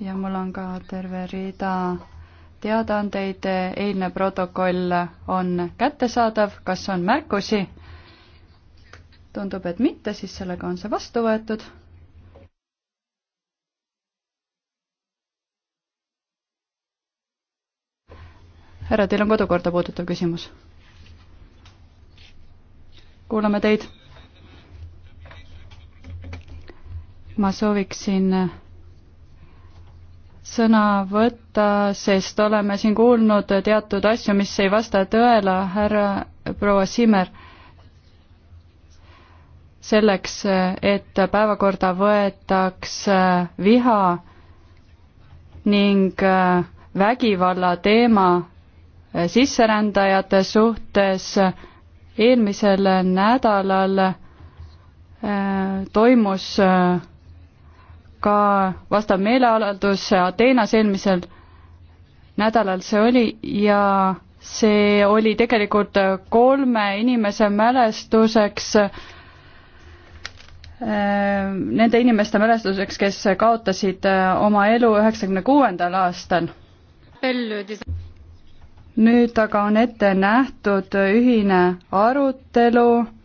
ja mul on ka terve rida teadaandeid, eilne protokoll on kättesaadav, kas on märkusi? tundub, et mitte, siis sellega on see vastu võetud. härra, teil on kodukorda puudutav küsimus? kuulame teid. ma sooviksin sõna võtta, sest oleme siin kuulnud teatud asju, mis ei vasta tõele, härra proua Simmer. selleks, et päevakorda võetaks äh, viha ning äh, vägivalla teema äh, sisserändajate suhtes eelmisel nädalal toimus ka vastav meeleavaldus Ateenas eelmisel nädalal see oli ja see oli tegelikult kolme inimese mälestuseks, nende inimeste mälestuseks, kes kaotasid oma elu üheksakümne kuuendal aastal. nüüd aga on ette nähtud ühine arutelu